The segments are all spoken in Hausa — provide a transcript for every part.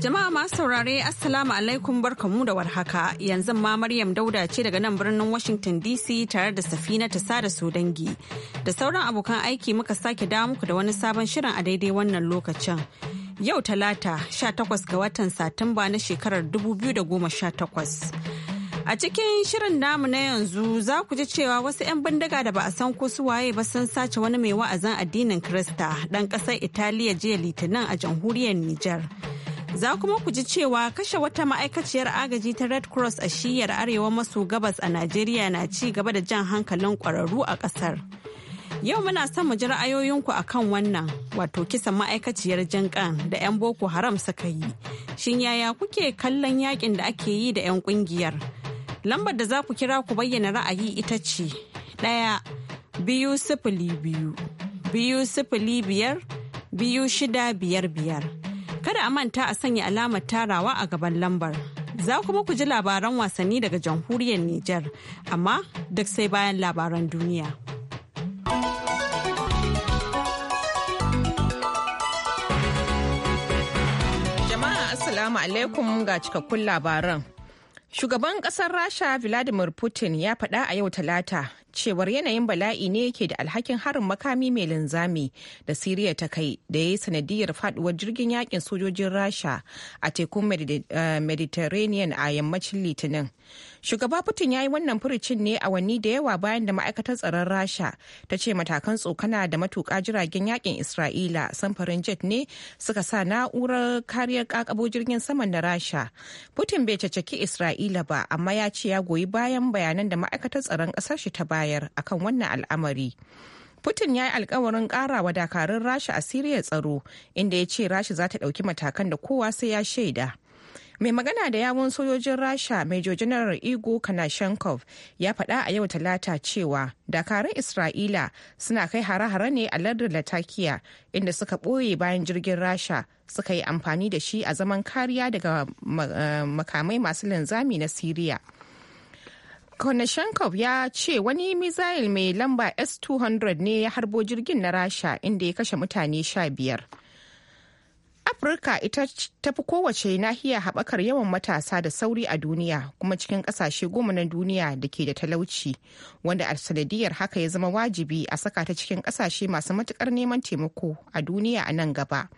Jama'a masu saurare Assalamu alaikum barkamu da warhaka yanzu ma Maryam Dauda ce daga nan birnin Washington DC tare da safina ta sada su dangi da sauran abokan aiki muka sake dawo muku da wani sabon shirin a daidai wannan lokacin. Yau talata 18 ga watan Satumba na shekarar 2018. A cikin shirin namu na yanzu za ku ji cewa wasu 'yan bindiga da ba a san ko su waye ba sun sace wani mai wa'azin addinin Krista ɗan ƙasar Italiya jiya Litinin a jamhuriyar Nijar. Za kuma ku ji cewa kashe wata ma'aikaciyar agaji ta Red Cross a shiyar arewa maso gabas a Najeriya na ci gaba da jan hankalin ƙwararru a ƙasar. Yau muna son mu ji ra'ayoyinku a kan wannan wato kisan ma'aikaciyar jinƙan da 'yan Boko Haram suka yi. Shin yaya kuke kallon yakin da ake yi da 'yan ƙungiyar? Lambar da za ku kira ku bayyana ra'ayi ita ce ɗaya biyu sifili biyu biyu sifili biyar biyu shida biyar biyar. Kada a manta a sanya alamar tarawa a gaban lambar. Za kuma ku ji labaran wasanni daga jamhuriyar Nijar, amma duk sai bayan labaran duniya. Jama'a Assalamu alaikum ga cikakkun labaran. Shugaban ƙasar Rasha Vladimir Putin ya faɗa a yau Talata cewar yanayin bala'i ne yake da alhakin harin makami mai linzami da siriya ta kai da ya yi sanadiyar faduwar jirgin yakin sojojin rasha a tekun eh, mediterranean a yammacin litinin Shugaba Putin ya yi wannan furucin ne a wanni da yawa bayan da ma'aikatar tsaron Rasha ta ce matakan tsokana da matuka jiragen yakin Isra'ila samfarin jet ne suka sa na'urar kariyar kakabo jirgin saman da Rasha. Putin bai caceki Isra'ila ba amma ya ce ya goyi bayan bayanan da ma'aikatar tsaron ƙasar shi ta bayar akan wannan al'amari. Putin ya yi alkawarin kara wa dakarun Rasha a Siriya tsaro inda ya ce Rasha za ta ɗauki matakan da kowa sai ya shaida. mai magana da yawon sojojin rasha major general igo kanashenkov ya faɗa a yau talata cewa dakarun isra'ila suna kai hare-hare ne a lardin latakia inda suka ɓoye bayan jirgin rasha suka yi amfani da shi a zaman kariya daga eh, makamai masu linzami na siriya Konashenkov ya ce wani mizayil mai lamba S-200 ne ya harbo jirgin na Rasha inda ya kashe mutane sha biyar. Afirka ita ta fi kowace nahiya haɓakar yawan matasa da sauri a duniya kuma cikin ƙasashe goma na duniya da ke da talauci wanda a haka ya zama wajibi a saka ta cikin ƙasashe masu matuƙar neman taimako a duniya a nan gaba.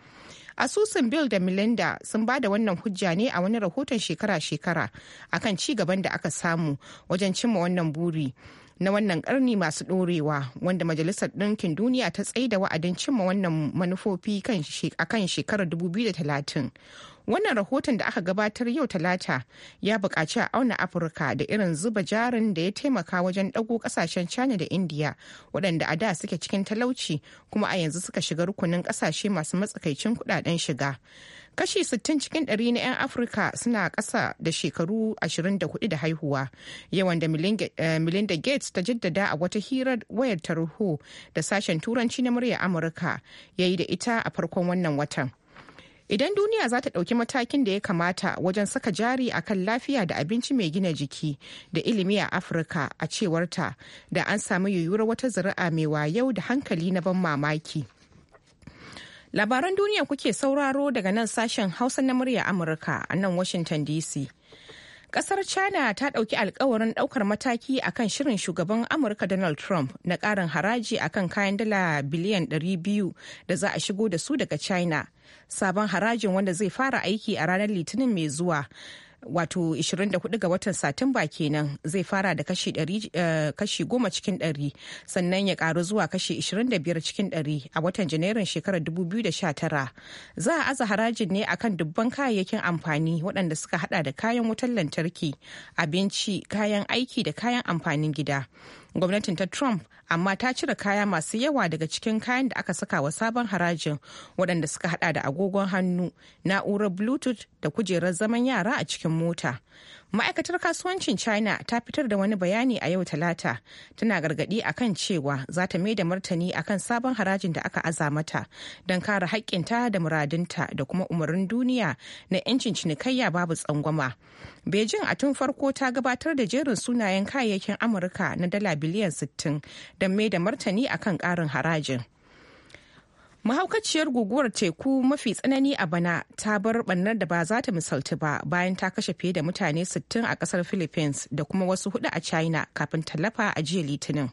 Asusun Bill da Melinda sun ba da wannan hujja ne a wani rahoton shekara-shekara akan ci gaban da aka samu wajen cimma wannan buri na wannan karni masu dorewa wanda majalisar ɗinkin duniya ta tsaida wa'adin cimma wannan manufofi a kan shekarar 2030 wannan rahoton da aka gabatar yau talata ya buƙaci a auna afirka da irin zuba jarin da ya taimaka wajen ɗago ƙasashen china da indiya waɗanda a da suke cikin talauci kuma a yanzu suka shiga rukunin ƙasashe masu matsakaicin kuɗaɗen shiga Kashi 60 cikin 100 na 'yan Afirka suna ƙasa da shekaru 24 da haihuwa. Yawan da eh, Melinda Gates ta jaddada a wata hirar wayar tarho da sashen Turanci na murya Amurka ya yi da ita a farkon wannan watan. Idan duniya za ta ɗauki matakin da ya kamata wajen saka jari a kan lafiya da abinci mai gina jiki da ilimi a Afirka a cewarta da an samu yiwuwar wata zuri'a mai wayau da hankali na ban mamaki. Labaran duniya kuke sauraro daga nan sashen Hausa na murya Amurka a nan Washington DC. Kasar China ta ɗauki alkawarin ɗaukar mataki akan shirin shugaban Amurka Donald Trump na ƙarin haraji akan kayan dala biliyan 200 da za a shigo da su daga China. Sabon harajin wanda zai fara aiki a ranar Litinin mai zuwa wato 24 ga watan satumba kenan zai fara da kashi, uh, kashi 10 cikin 100 sannan ya karu zuwa kashi 25 cikin 100 a watan janairun shekarar 2019 za a aza harajin ne akan dubban kayayyakin amfani waɗanda suka hada da kayan wutar lantarki abinci kayan aiki da kayan amfanin gida gwamnatin ta trump amma ta cire kaya masu yawa daga cikin kayan da aka saka wa sabon harajin waɗanda suka hada da agogon hannu na'urar bluetooth da kujerar zaman yara a cikin mota ma'aikatar kasuwancin china ta fitar da wani bayani a yau talata tana gargadi kan cewa za ta mai da martani kan sabon harajin da aka aza mata don kare haƙƙinta da muradinta da kuma umarnin duniya na 'yancin cinikayya babu tsangwama beijing a tun farko ta gabatar da jerin sunayen kayayyakin amurka na dala biliyan 60 don maida da martani kan ƙarin harajin mahaukaciyar guguwar teku mafi tsanani a bana ta bar bannar da ba za ta misaltu ba bayan ta kashe fiye da mutane 60 a kasar philippines da kuma wasu hudu a china kafin tallafa a jiya litinin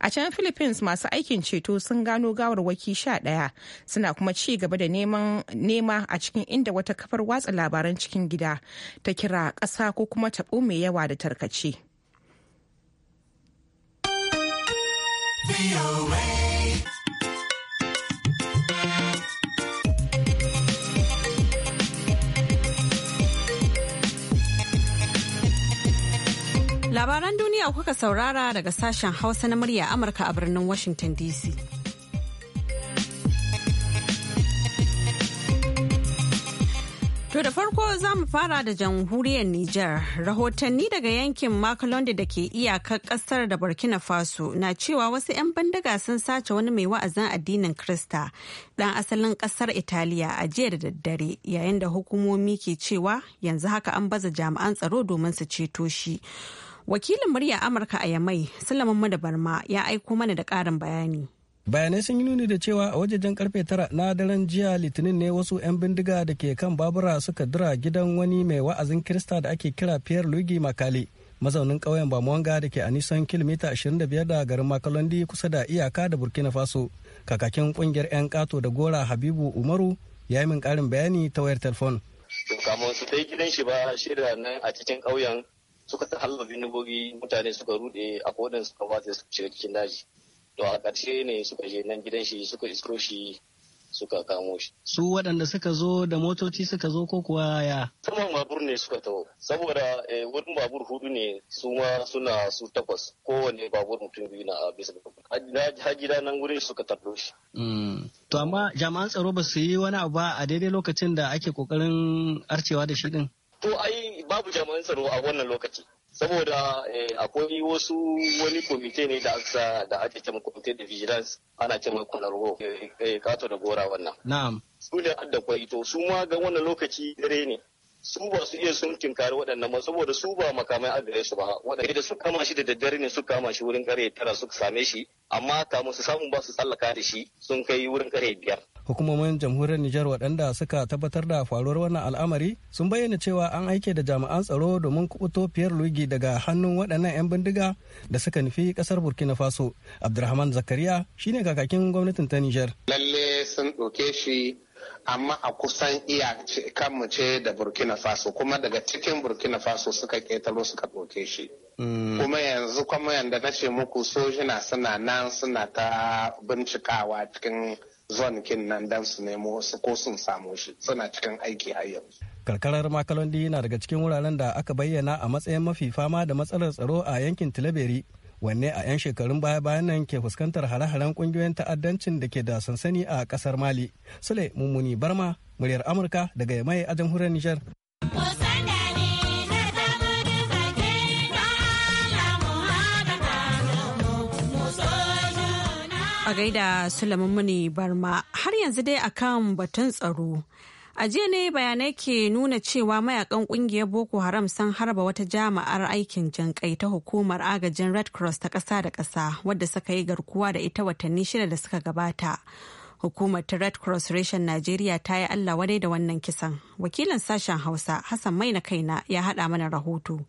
a can philippines masu aikin ceto sun gano gawarwaki 11 suna kuma ci gaba da nema a cikin inda wata kafar watsa labaran cikin gida ta kira ƙasa ko kuma taɓo mai yawa da tarkace. Labaran duniya kuka saurara daga sashen Hausa na murya Amurka a birnin Washington DC. To da farko za mu fara da jamhuriyar Nijar. Rahotanni daga yankin Makalondi da ke iyakar kasar da Burkina Faso na cewa wasu 'yan bandaga sun sace wani mai wa'azin addinin Krista dan asalin kasar Italiya a jiya da daddare yayin da hukumomi ke cewa yanzu haka an baza jami'an tsaro domin su ceto shi. Wakilin murya Amurka a Yamai, Sulaiman madabarma ya aiko mana da ƙarin bayani. bayanai sun yi nuni da cewa a wajejen karfe tara na daren jiya litinin ne wasu 'yan bindiga da ke kan babura suka dira gidan wani mai wa'azin kirista da ake kira pierre luigi makali mazaunin ƙauyen bamuwanga da ke a nisan kilomita 25 da garin makalondi kusa da iyaka da burkina faso kakakin kungiyar 'yan kato da gora habibu umaru ya yi min ƙarin bayani ta wayar telefon kamun su ta yi gidan shi ba shirya nan a cikin ƙauyen suka ta halba binubogi mutane suka rude a kodin suka watsa suka shiga cikin daji to a ƙarshe ne suka je nan gidan shi suka isko shi suka kamo shi. Su waɗanda suka zo da motoci suka zo ko kuwa ya? Saman babur ne suka taho, saboda eh, wurin babur hudu ne su ma suna su takwas kowane babur mutum biyu na bisa hajjira nan wurin suka tardo shi. Mm. To amma jami'an tsaro ba su yi wani abu ba a daidai lokacin da ake kokarin arcewa da shi din? To ai babu jami'an tsaro a wannan lokaci saboda eh, akwai wasu wani komite ne da aka da ake cewa komite da vigilance ana cewa eh, eh kato da gora wannan na'am su ne da kwai to su ma ga wannan lokaci dare ne su ba su iya sun tinkari waɗannan ba saboda su ba makamai a gare su ba waɗanda da su kama shi da daddare ne su kama shi wurin kare tara suka same shi amma kamun su samu ba su tsallaka da shi sun kai wurin kare biyar hukumomin jamhuriyar Nijar waɗanda suka tabbatar da faruwar wannan al'amari sun bayyana cewa an aike da jami'an tsaro domin kubuto fiyar lugi daga hannun waɗannan 'yan bindiga da suka nufi ƙasar Burkina Faso. Abdulrahman Zakariya shine kakakin gwamnatin ta Nijar. Lalle sun ɗauke shi amma a kusan iya kanmu ce da burkina faso kuma daga cikin burkina faso suka ƙetaro suka ɗauke shi mm. kuma yanzu kuma yanda na ce muku sojina suna nan suna ta bincikawa cikin zon kin nan dan su nemo su ko sun samu shi suna cikin aiki har yanzu. Karkarar Makalondi na daga cikin wuraren da aka bayyana a matsayin mafi fama da matsalar tsaro a yankin Tilaberi wanne a 'yan shekarun baya-bayan nan ke fuskantar hare-haren kungiyoyin ta'addancin da ke da sansani a kasar Mali. Sule Mummuni Barma, muryar Amurka daga Yamai a jamhuriyar Nijar. a gaida Sulaiman Muni Barma har yanzu dai akan batun tsaro. A jiya ne bayanai ke nuna cewa mayakan kungiyar Boko Haram sun harba wata jami'ar aikin jinƙai ta hukumar agajin Red Cross ta ƙasa da ƙasa wadda suka yi garkuwa da ita watanni shida da suka gabata. Hukumar ta Red Cross reshen Najeriya ta yi Allah wadai da wannan kisan. Wakilin sashen Hausa Hassan Maina Kaina ya haɗa mana rahoto.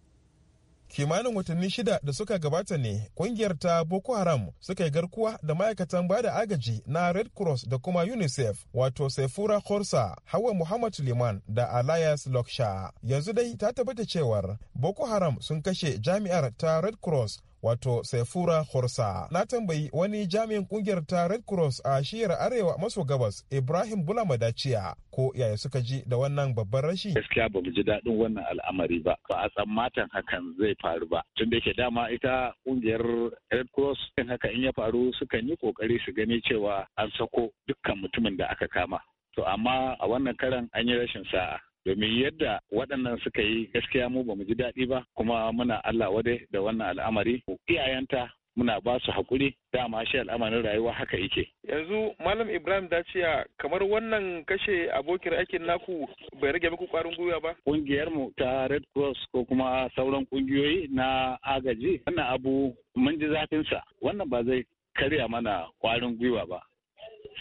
kimanin watanni shida da suka gabata ne kungiyar ta boko haram suka yi garkuwa da ma'aikatan bada agaji na red cross da kuma unicef wato saifura khorsa hawa muhammad liman da alias loksha yanzu dai ta tabbata cewar boko haram sun kashe jami'ar ta red cross wato Saifura Horsa. Na tambayi wani jami'in kungiyar ta Red Cross a shiyar Arewa maso gabas Ibrahim Bulama Daciya ko yaya suka ji da wannan babban rashi. Gaskiya ba mu ji daɗin wannan al'amari ba, ba a tsammatan hakan zai faru ba. Tun da ke dama ita kungiyar Red Cross in haka in ya faru sukan yi kokari su gani cewa an sako dukkan mutumin da aka kama. To amma a wannan karan an yi rashin sa'a. domin yadda waɗannan suka yi gaskiya mu ba mu ji daɗi ba kuma muna Allah wade da wannan al'amari iyayenta muna ba su haƙuri dama shi al'amarin rayuwa haka yake. Yanzu Malam Ibrahim Daciya kamar wannan kashe abokin aikin naku bai rage muku ƙwarin gwiwa ba? Ƙungiyarmu ta Red Cross ko kuma sauran ƙungiyoyi na agaji wannan abu mun ji zafinsa wannan ba zai karya mana ƙwarin gwiwa ba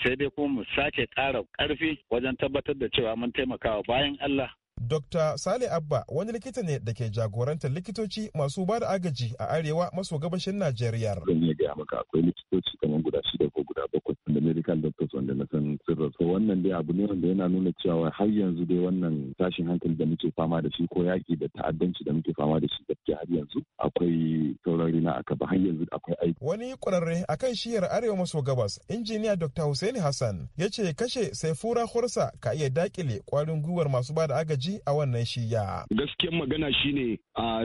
sai dai kuma mu sake ƙara ƙarfi wajen tabbatar da cewa mun taimakawa bayan Allah Dr. Sale Abba wani likita ne da ke jagorantar likitoci masu ba da agaji a arewa maso gabashin Najeriya. Zan iya gaya maka akwai likitoci kamar guda shida ko guda bakwai wanda medical doctors wanda na san sun rasu. Wannan dai abu ne wanda yana nuna cewa har yanzu dai wannan tashin hankali da muke fama da shi ko yaki da ta'addanci da muke fama da shi gaskiya har yanzu akwai saurari na aka ba har yanzu akwai aiki. Wani kwararre a akan shiyar arewa maso gabas injiniya Dr. Hussaini Hassan ya ce kashe sai fura horsa ka iya dakile kwarin gwiwar masu ba da agaji shi a wannan shiya. Gaskiyar magana shine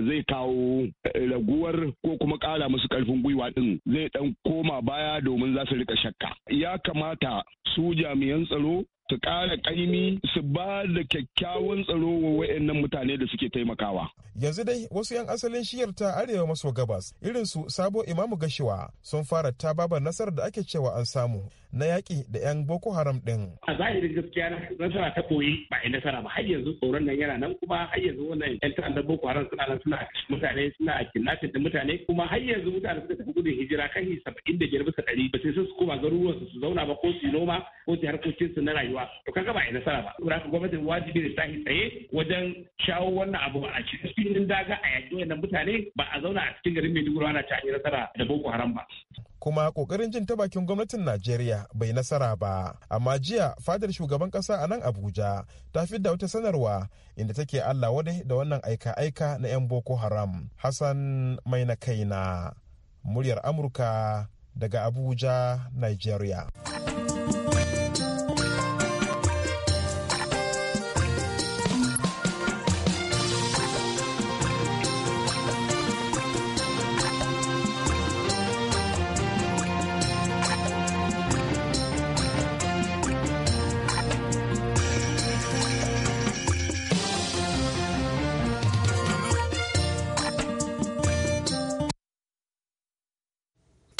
zai kawo eh, raguwar ko kuma kara musu karfin gwiwa ɗin zai ɗan koma baya domin za su rika shakka. Ya kamata su jami'an tsaro su ƙara ƙaimi su ba da kyakkyawan tsaro wa wayannan mutane da suke taimakawa. Yanzu dai wasu 'yan asalin shiyar ta arewa maso gabas irin su sabo imamu gashiwa sun fara ta babar nasarar da ake cewa an samu. na yaƙi da 'yan Boko Haram ɗin. A zahirin gaskiya nasara ta koyi ba a nasara ba har yanzu tsoron nan yana nan kuma har yanzu wannan 'yan ta'addar Boko Haram suna nan suna mutane suna a kidnapping da mutane kuma har yanzu mutane suka tafi gudun hijira kan saba'in da biyar bisa ɗari ba sai su koma garuruwan su zauna ba ko su noma ko su harkokin su na rayuwa to kaga ba a nasara ba. Saboda haka gwamnatin wajibi ne tashi tsaye wajen shawo wannan abu a cikin filin daga a yaƙi wannan mutane ba a zauna a cikin garin Maiduguri ana ta nasara da Boko Haram ba. kuma kokarin jin ta bakin gwamnatin Najeriya bai nasara ba. Amma jiya fadar shugaban kasa a nan Abuja ta da wata sanarwa inda take Allah wadai da wannan aika-aika na 'yan Boko Haram. Hassan mai na kaina, muryar Amurka daga Abuja, najeriya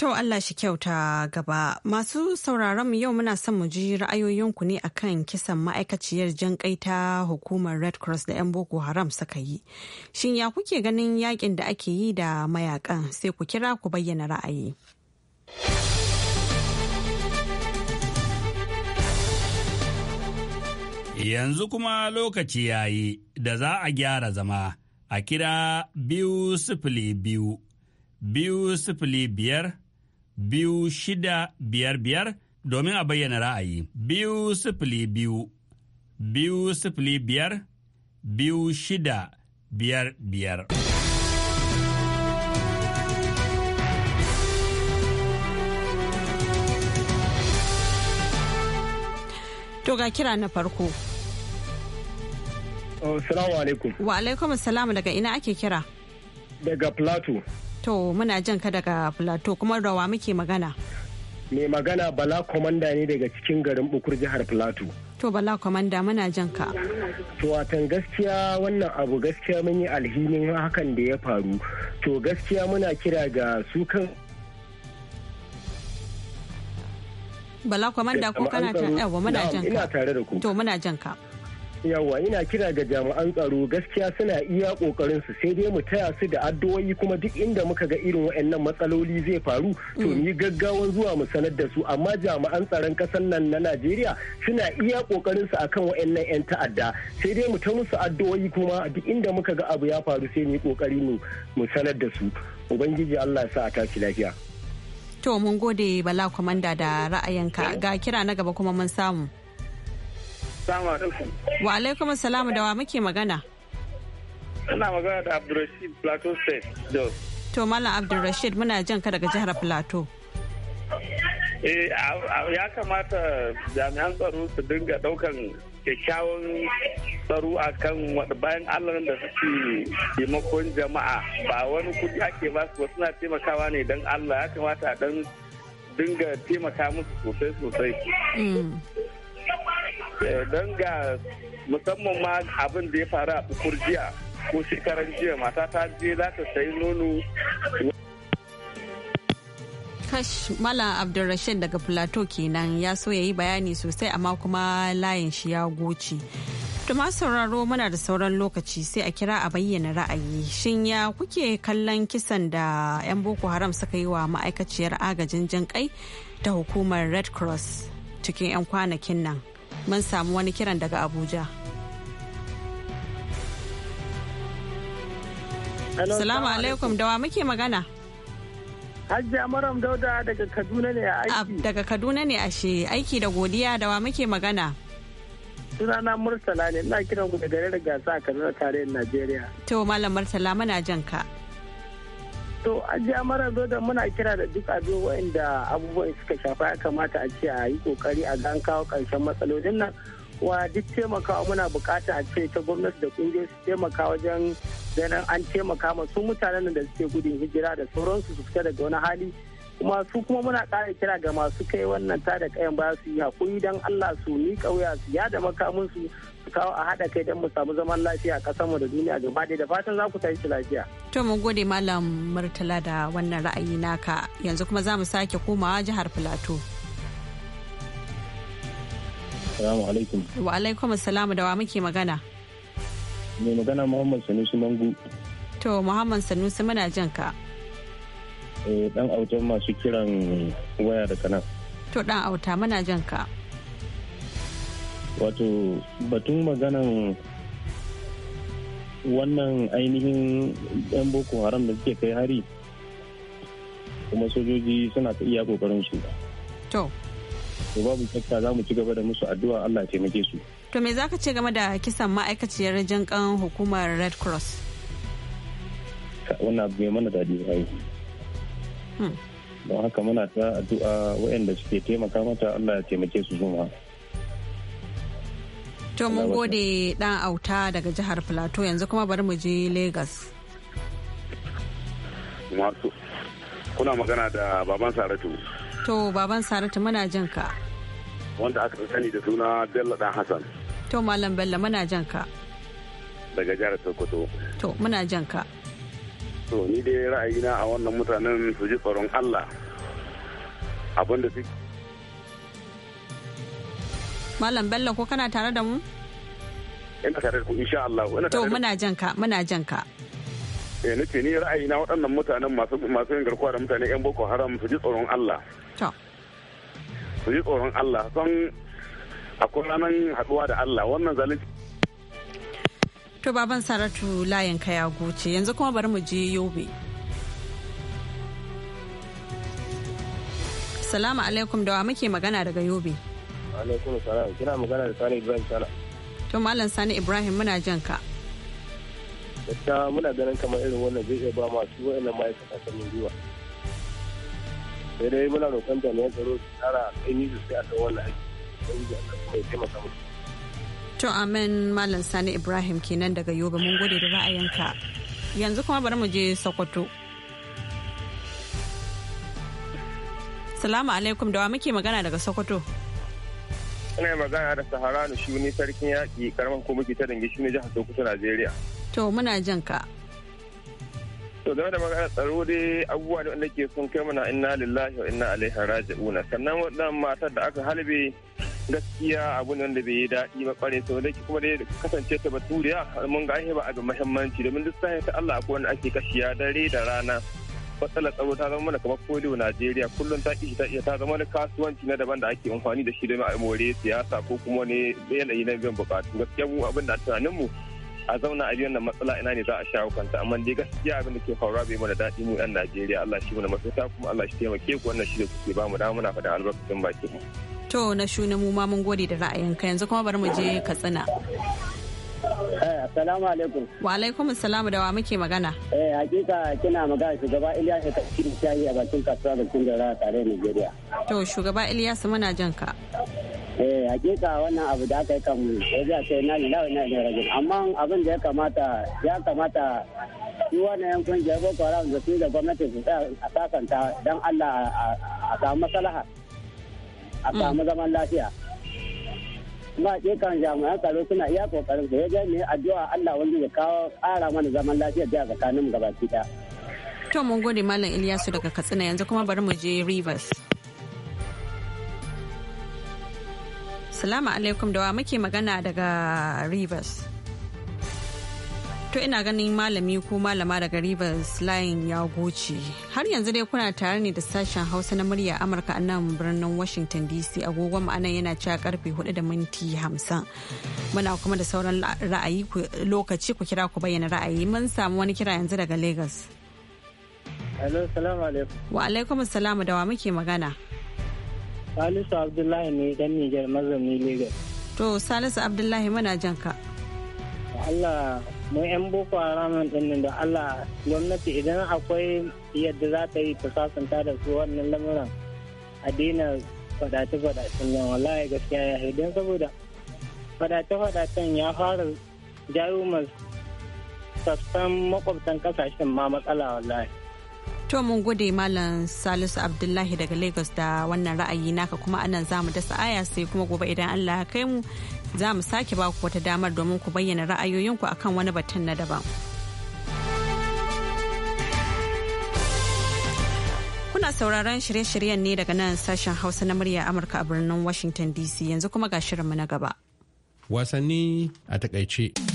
To Allah shi kyauta gaba. Masu sauraron yau muna son mu ji ra'ayoyinku ne akan kisan ma'aikaciyar jan kai ta hukumar Red Cross da 'yan Boko Haram suka yi. Shin ya kuke ganin yakin da ake yi da mayakan sai ku kira ku bayyana ra'ayi. Yanzu kuma lokaci yayi da za a gyara zama a kira biyu sifili biyu, biyu sifili biyar biyu shida biyar biyar domin a bayyana ra'ayi biyu sifili biyu biyu sifili biyar biyu shida biyar biyar. To ga kira na farko. Oh, salamu alaikum. Wa alaikum salamu daga ina ake kira? Daga Plateau. To muna jan ka daga Plateau kuma rawa muke magana. Mai magana Bala Komanda ne daga cikin garin Bukur jihar Plateau. To Bala Komanda muna jan ka. To watan gaskiya wannan abu gaskiya mun yi alhinin hakan da ya faru. To gaskiya muna kira ga su kan Bala Komanda ko kana jan yawa muna jan ka. Ina tare da ku. To muna jan ka. yawwa ina kira ga jami'an tsaro gaskiya suna iya kokarin su sai dai mu taya su da addu'o'i kuma duk inda muka ga irin waɗannan matsaloli zai faru to mm. ni gaggawan zuwa mu sanar da su amma jami'an tsaron ƙasar nan na Najeriya suna iya kokarin su akan waɗannan 'yan ta'adda sai dai mu ta musu addu'o'i kuma duk inda muka ga abu ya faru sai mu yi kokari mu mu sanar da su ubangiji Allah ya sa a tashi lafiya to mun gode bala kwamanda da ra'ayinka ga kira na gaba kuma mun samu alaikum. Wa alaikum salamu da wa muke magana? Ina magana da Abdulrashid Plateau State, To Malam Abdulrashid muna jan ka daga jihar Plateau. Eh ya kamata jami'an tsaro su dinga daukan kyakkyawan tsaro a kan bayan allah da suke taimakon jama'a ba wani kudi ake ba su suna taimakawa ne don allah ya kamata dan dinga taimaka musu sosai sosai mm. Eh, don ga musamman ma abin da ya faru a bukur jiya ko shekaran jiya mata ta je za ta sayi nono kash malam abdulrashid daga plateau kenan ya so ya yi bayani sosai amma kuma layin shi ya goce Tuma sauraro muna da sauran lokaci sai a kira a bayyana ra'ayi. Shin ya kuke kallon kisan da 'yan Boko Haram suka yi wa ma'aikaciyar agajin jan kai ta hukumar Red Cross cikin 'yan kwanakin nan? mun samu wani kiran daga abuja salamu alaikum dawa muke magana Hajji Maram Dauda daga Kaduna ne a ah, aiki. Daga Kaduna ne ashe aiki da godiya da wa muke magana. Sunana Murtala ne ina kiran ku da gare da gasa a Kaduna tarayyar Najeriya. To Malam Murtala muna jan ka. to ajiya mara da muna kira da duk abin wa'inda abubuwan suka shafa ya kamata a ce a yi kokari a gan an kawo karshen matsalolin nan wa duk taimakawa muna bukata a ce ta gwamnati da kungiyoyi su taimaka wajen ganin an taimaka wa su mutanen da suke gudun hijira da sauransu su fita daga wani hali kuma su kuma muna ƙara kira ga masu kai wannan ta da kayan baya su yi hakuri don Allah su ni kauya su ya da makaminsu su kawo a haɗa kai don mu samu zaman lafiya a mu da duniya gaba da fatan za ku tashi lafiya. To mun gode Malam Murtala da wannan ra'ayi naka yanzu kuma za mu sake komawa jihar Filato. Salamu alaikum. Wa alaikum salamu da wa muke magana. Mai magana Muhammad Sanusi Mangu. To Muhammad Sanusi muna jin ka. Eh, dan autan masu kiran waya da kanan to dan auta muna jan ka wato batun maganan wannan ainihin yan boko haram da suke kai hari kuma sojoji suna ta iya kokarin su to to babu shakka za mu ci gaba da musu addu'a Allah ya taimake su to me zaka ce game da kisan ma'aikaciyar jinkan hukumar red cross wannan abu mai mana daɗi yi. don haka muna ta addu'a waɗanda suke taimaka mata Allah ya taimake su zuma. To mun gode dan auta daga jihar plateau yanzu kuma bari mu je Legas. Masu kuna magana da baban Saratu. To baban Saratu muna jin ka. Wanda aka sani da suna Bello dan Hassan. To Malam Bello muna jin ka. Daga jihar Sokoto. To muna jin ka. to ni dai ra'ayina a wannan mutanen su ji tsoron Allah abin da suke Malam Bello ko kana tare da mu? Ina tare da ku insha Allah. To muna jan ka muna jan ka. Eh nace ni ra'ayina waɗannan mutanen masu masu yin garkuwa da mutane yan Boko Haram su ji tsoron Allah. To. Su ji tsoron Allah son akwai ranar haɗuwa da Allah wannan zalunci To baban Saratu layin ka ya goce yanzu kuma bari mu je Yobe. Salamu alaikum da wa muke magana daga Yobe. Alaikum salam kina magana da Sani Ibrahim Sala. To Malam Sani Ibrahim muna jan ka. Gaskiya muna ganin kamar irin wannan zai iya ba masu wa'annan ma'aikata sanin gwiwa. Sai dai muna roƙon jami'an tsaro su tsara kai ni sai a kan wannan aiki. Sai da kuma ya taimaka musu. To amen Malam Sani Ibrahim kenan daga Yobe mun gode da ra'ayinka. Yanzu kuma bari mu je Sokoto. Salamu alaikum da wa muke magana daga Sokoto. Ina magana da shi Shuni sarkin yaƙi karamin ko muke ta dangi shi ne jihar Sokoto Najeriya. To muna jan ka. To game da magana tsaro dai abubuwa da wanda ke sun kai mana inna lillahi wa inna ilaihi raji'una sannan waɗannan matar da aka halbe gaskiya abun ne wanda bai yi daɗi ba kware sau da kuma dai kasance ta baturiya mun ga ba abin mahimmanci domin duk sahin ta Allah akwai wanda ake kashiya dare da rana matsalar tsaro ta zama mana kamar kodiyo Najeriya kullum ta ishi ta iya ta zama wani kasuwanci na daban da ake amfani da shi domin a more siyasa ko kuma ne yanayi na biyan bukatu gaskiya mu abin da tunanin mu a zauna a biyan na matsala ina ne za a shawo kanta amma dai gaskiya abin da ke faruwa bai mana daɗi mu yan Najeriya Allah shi mana mafita kuma Allah shi taimake ku wannan shi da kuke ba mu da muna faɗa albarkacin bakin mu. to na shuni mu ma mun gode da ra'ayinka yanzu kuma bari mu je katsina eh, Assalamu alaikum. Wa alaikum assalamu da wa muke magana. Eh hakika kina magana shugaba Ilyasu Katsiri shayi a bakin kasuwa da kun gara tare Nigeria. To shugaba Ilyas muna jan ka. Eh hakika wannan abu da aka yi kan waje a kai na lillahi na ne raji'un amma abin da ya kamata ya kamata shi wannan yankun jabo Boko da su da gwamnati su tsaya a sakanta dan Allah a samu maslaha. a mm. samu zaman lafiya ba kan jami'an tsaro suna iya kokarin su ya ne addu'a Allah wanda ya kawo ƙara mana zaman lafiya da tsakanin mu gaba ɗaya. To mun gode Malam Ilyasu daga Katsina yanzu kuma bari mu je Rivers. Salamu alaikum da wa muke magana daga Rivers. To ina ganin malami ko malama daga Rivers Line ya goce. Har yanzu dai kuna tare ne da sashen Hausa na murya Amurka a nan birnin Washington DC agogon ma'anan yana cewa karfe 4 da minti 50. Muna kuma da sauran ra'ayi lokaci ku kira ku bayyana ra'ayi mun samu wani kira yanzu daga Lagos. Hello, salamu alaikum. Wa alaikum salamu da wa muke magana. Salisu Abdullahi ne dan Niger mazauni Lagos. To Salisu Abdullahi muna jan ka. Allah mu yan boko haram din da Allah gwamnati idan akwai yadda za ta yi ta sasanta da su wannan lamuran a fadace-fadace faɗacen nan wallahi gaskiya ya saboda fadace-fadacen ya fara jayo masu sassan makwabtan kasashen ma matsala wallahi. To mun gode Malam Salisu Abdullahi daga Lagos da wannan ra'ayi naka kuma anan zamu mu dasa aya sai kuma gobe idan Allah ya kai mu za mu sake ba ku wata damar domin ku bayyana ra'ayoyinku akan wani batun na daban. Kuna sauraron shirye-shiryen ne daga nan sashen Hausa na murya Amurka a birnin Washington DC yanzu kuma ga shirinmu na gaba. Wasanni a takaice.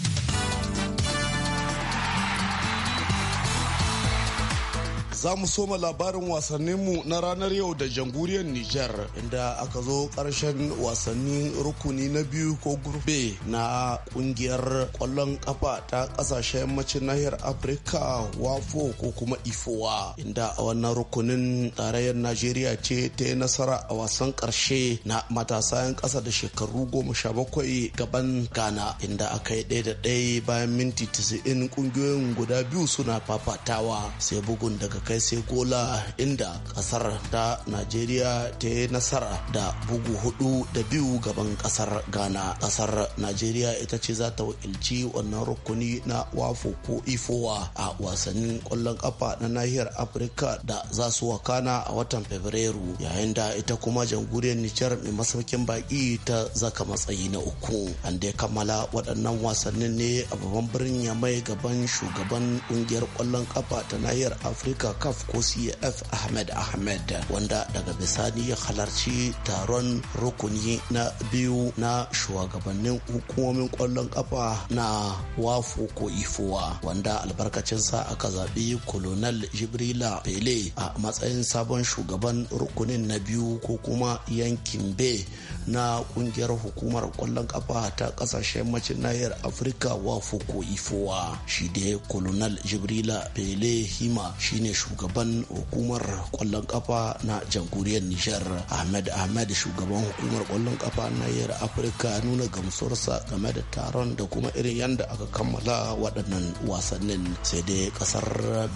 za mu soma labarin wasanninmu na ranar yau da jamhuriyar Nijar inda aka zo ƙarshen wasannin rukuni na biyu ko gurbe na ƙungiyar ƙwallon kafa ta ƙasashen yammacin nahiyar Afirka wafo ko kuma ifowa inda a wannan rukunin tarayyar Najeriya ce ta yi nasara a wasan ƙarshe na matasa 'yan ƙasa da shekaru goma sha bakwai gaban Ghana inda aka yi ɗaya da ɗaya bayan minti 90 ƙungiyoyin guda biyu suna fafatawa sai bugun daga kai sai gola inda kasar ta najeriya ta yi nasara da bugu hudu da biyu gaban kasar ghana kasar najeriya ita ce za ta wakilci wannan rukuni na wafo ko ifowa a wasannin kwallon kafa na nahiyar afirka da za su wakana a watan fabrairu yayin da ita kuma jamhuriyar nijar mai masaukin baki ta zaka matsayi na uku an dai kammala waɗannan wasannin ne a babban birnin yamai gaban shugaban ƙungiyar kwallon kafa ta nahiyar afirka caf ko caf ahmed ahmed wanda daga bisani ya halarci taron rukuni na biyu na shugabannin hukumomin kwallon kafa na wafo ko ifowa wanda albarkacinsa aka zaɓi colonel jibrila pele a matsayin sabon shugaban rukunin na biyu ko kuma yankin be na kungiyar hukumar kwallon kafa ta kasashen macin nahiyar afirka wafo ko ifowa shi dai colonel jibrila pele hima shine shugaban shugaban hukumar kwallon kafa na jamhuriyar Nijar Ahmed Ahmed shugaban hukumar kwallon kafa na yar Afirka nuna gamsuwarsa game da taron da kuma irin yadda aka kammala waɗannan wasannin sai dai kasar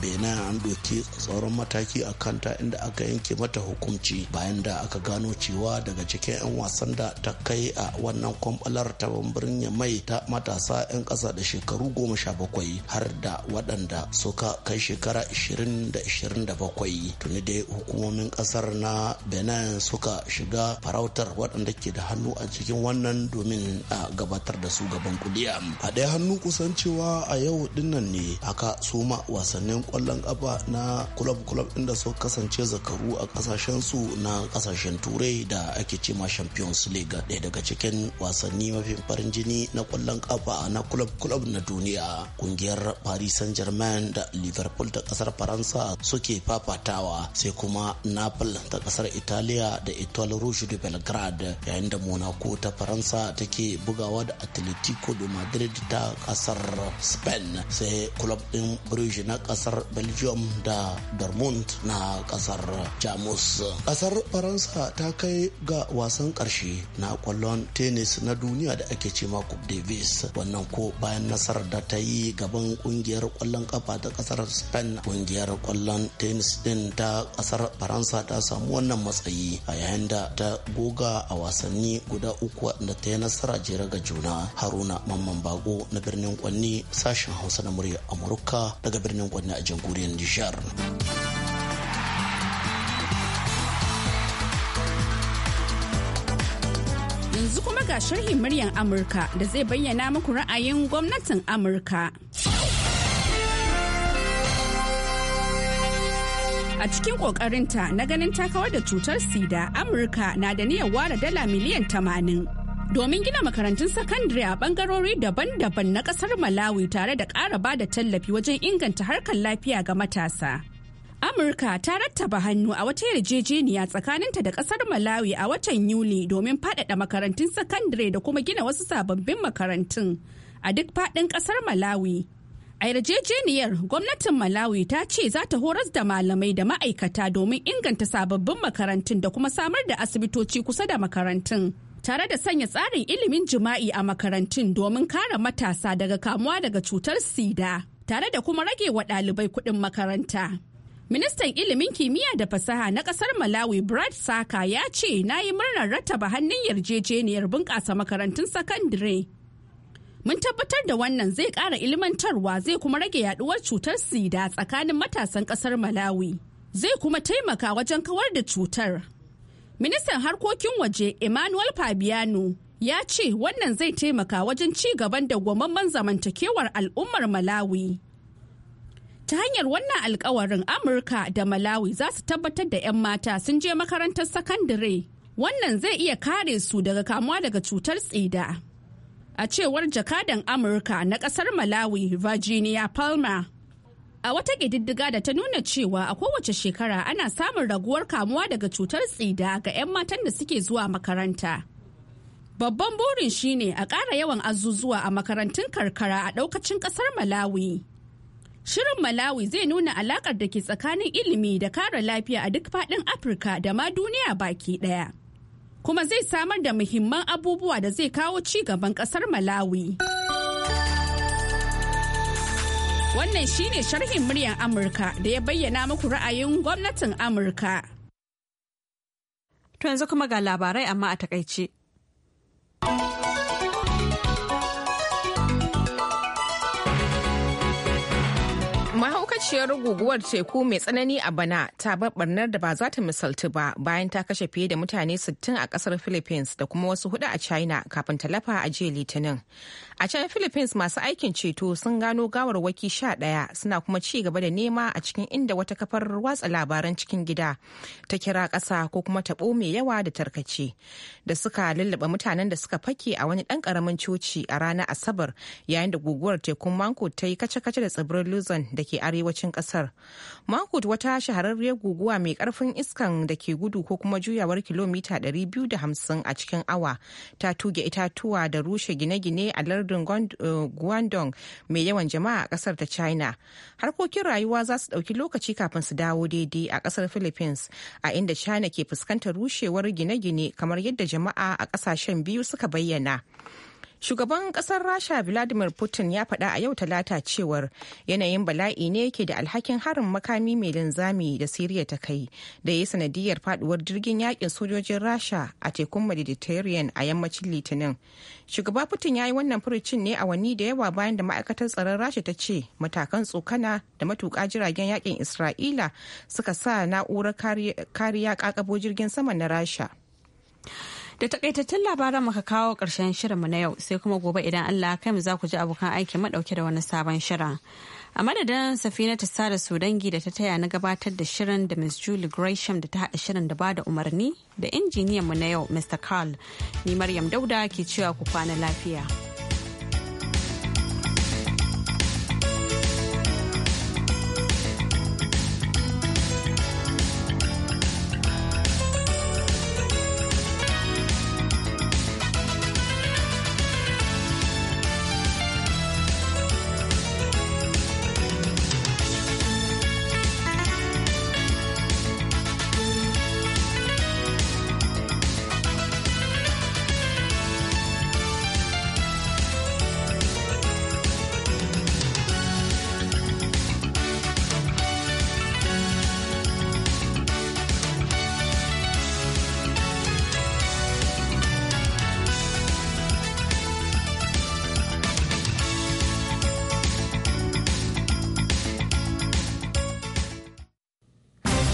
bena an doki tsoron mataki a kanta inda aka yanke mata hukunci bayan da aka gano cewa daga cikin 'yan wasan da ta kai a wannan kwamfalar ta bambirin ya mai ta matasa 'yan ƙasa da shekaru goma sha bakwai har da waɗanda suka kai shekara 20 da 27 tuni dai hukumomin kasar na benin suka shiga farautar waɗanda ke da hannu a cikin wannan domin a gabatar da su gaban kudiya a ɗaya hannu kusan a yau dinnan ne aka suma wasannin kwallon ƙafa na kulab kulab inda su kasance zakaru a ƙasashen su na ƙasashen turai da ake cema champions league ɗaya daga cikin wasanni mafi farin jini na kwallon ƙafa na kulab kulab na duniya ƙungiyar paris saint germain da liverpool ta ƙasar faransa suke fafatawa sai kuma napoli ta kasar italiya da etoile rouge de belgrade yayin da monaco ta faransa take bugawa da atletico de madrid ta kasar spain sai club din bruges na kasar belgium da dortmund na kasar jamus kasar faransa ta kai ga wasan karshe na kwallon tennis na duniya da ake ce Coupe davis wannan ko bayan nasarar da ta yi gaban kungiyar kwallon kafa ta kasar spain kungiyar kwallon kwallon tennis din ta kasar faransa ta samu wannan matsayi a yayin da ta goga a wasanni guda uku da ta yi nasara jere ga juna haruna mamman bago na birnin kwanni sashen hausa na murya amurka daga birnin kwanni a jamhuriyar nijar yanzu kuma ga sharhin muryan amurka da zai bayyana muku ra'ayin gwamnatin amurka A cikin ƙoƙarinta na ganin ta da cutar sida, Amurka na da niyyar ware dala miliyan tamanin. Domin gina makarantun sakandare a bangarori daban-daban na ƙasar Malawi tare da ƙara ba da tallafi wajen inganta harkar lafiya ga matasa. Amurka ta rattaba hannu a wata yarjejeniya tsakaninta da ƙasar Malawi a watan Yuli domin faɗaɗa makarantun sakandare da kuma gina wasu sababbin makarantun a duk faɗin ƙasar Malawi. A yarjejeniyar gwamnatin Malawi ta ce za ta horas da malamai da ma'aikata domin inganta sababbin makarantun da kuma samar da asibitoci kusa da makarantun. Tare da sanya tsarin ilimin jima'i a makarantun domin kare matasa daga kamuwa daga cutar sida, tare da kuma rage wa ɗalibai kuɗin makaranta. Ministan ilimin kimiyya da fasaha na ƙasar Malawi Brad Saka ya ce na yi murnar rattaba hannun yarjejeniyar bunƙasa makarantun sakandare Mun tabbatar da wannan zai ƙara ilmantarwa zai kuma rage yaduwar cutar sida tsakanin matasan ƙasar Malawi. Zai kuma taimaka wajen kawar da cutar. Ministan harkokin waje Emmanuel Fabiano ya ce wannan zai taimaka wajen ci gaban da gwamman zamantakewar al'ummar Malawi. ta hanyar wannan alkawarin amurka da malawi za su tabbatar da 'yan mata sun je makarantar sakandare wannan zai iya kare su daga kamuwa daga cutar tsida a cewar jakadan amurka na kasar malawi virginia palmer a wata ƙididdiga da ta nuna cewa a kowace shekara ana samun raguwar kamuwa daga cutar tsida ga 'yan matan da suke zuwa makaranta babban burin shine a ƙara yawan azuzuwa a makarantun karkara a ɗaukacin ƙasar malawi shirin malawi zai nuna alaƙar da ke tsakanin ilimi da kare lafiya a duk faɗin afirka da ma duniya baki ɗaya. kuma zai samar da muhimman abubuwa da zai kawo ci gaban kasar Malawi. Wannan shine sharhin muryar Amurka da ya bayyana muku ra'ayin gwamnatin Amurka. To yanzu kuma ga labarai amma a takaice. bashiyar guguwar teku mai tsanani a bana ta barnar da ba za ta misaltu ba bayan ta kashe fiye da mutane 60 a kasar philippines da kuma wasu hudu a china kafin ta lafa a jiya litinin a can philippines masu aikin ceto sun gano gawarwaki 11 suna kuma ci gaba da nema a cikin inda wata kafar watsa labaran cikin gida ta kira kasa ko kuma taɓo mai yawa da tarkace da suka lullaba mutanen da suka fake a wani ɗan karamin coci a ranar asabar yayin da guguwar tekun manko ta yi kace-kace da tsibirin luzon da ke arewacin arewacin kasar. Mahud wata shahararriyar guguwa mai karfin iskan da ke gudu ko kuma juyawar kilomita 250 a cikin awa ta tuge itatuwa da rushe gine-gine a lardin eh, Guangdong mai yawan jama'a a kasar ta China. Harkokin rayuwa za su ɗauki lokaci kafin su dawo daidai a kasar Philippines a inda China ke fuskantar rushewar gine-gine kamar yadda jama'a a ƙasashen biyu suka bayyana. Shugaban kasar Rasha Vladimir Putin ya faɗa a yau talata cewar yanayin bala'i ne yake da alhakin harin makami mai linzami da Siriya ta kai da ya sanadiyar faduwar jirgin yakin sojojin Rasha a tekun Mediterranean a yammacin Litinin. Shugaba Putin ya yi wannan furucin ne a wani da yawa bayan da ma'aikatar tsaron Rasha ta ce matakan tsokana da matuƙa jiragen yakin Isra'ila suka sa na'urar kariya kakabo jirgin sama na Rasha. Da takaitattun labaran muka kawo ƙarshen shirinmu na yau sai kuma gobe idan Allah kai mu za ku ji abokan aiki madauke da wani sabon shirin. A madadin safina ta sada su dangi da ta taya na gabatar da shirin da Miss Julie Gresham da ta haɗa shirin da ba da umarni da injiniyanmu na yau Mr. Carl. Ni Maryam Dauda ke cewa ku kwana lafiya.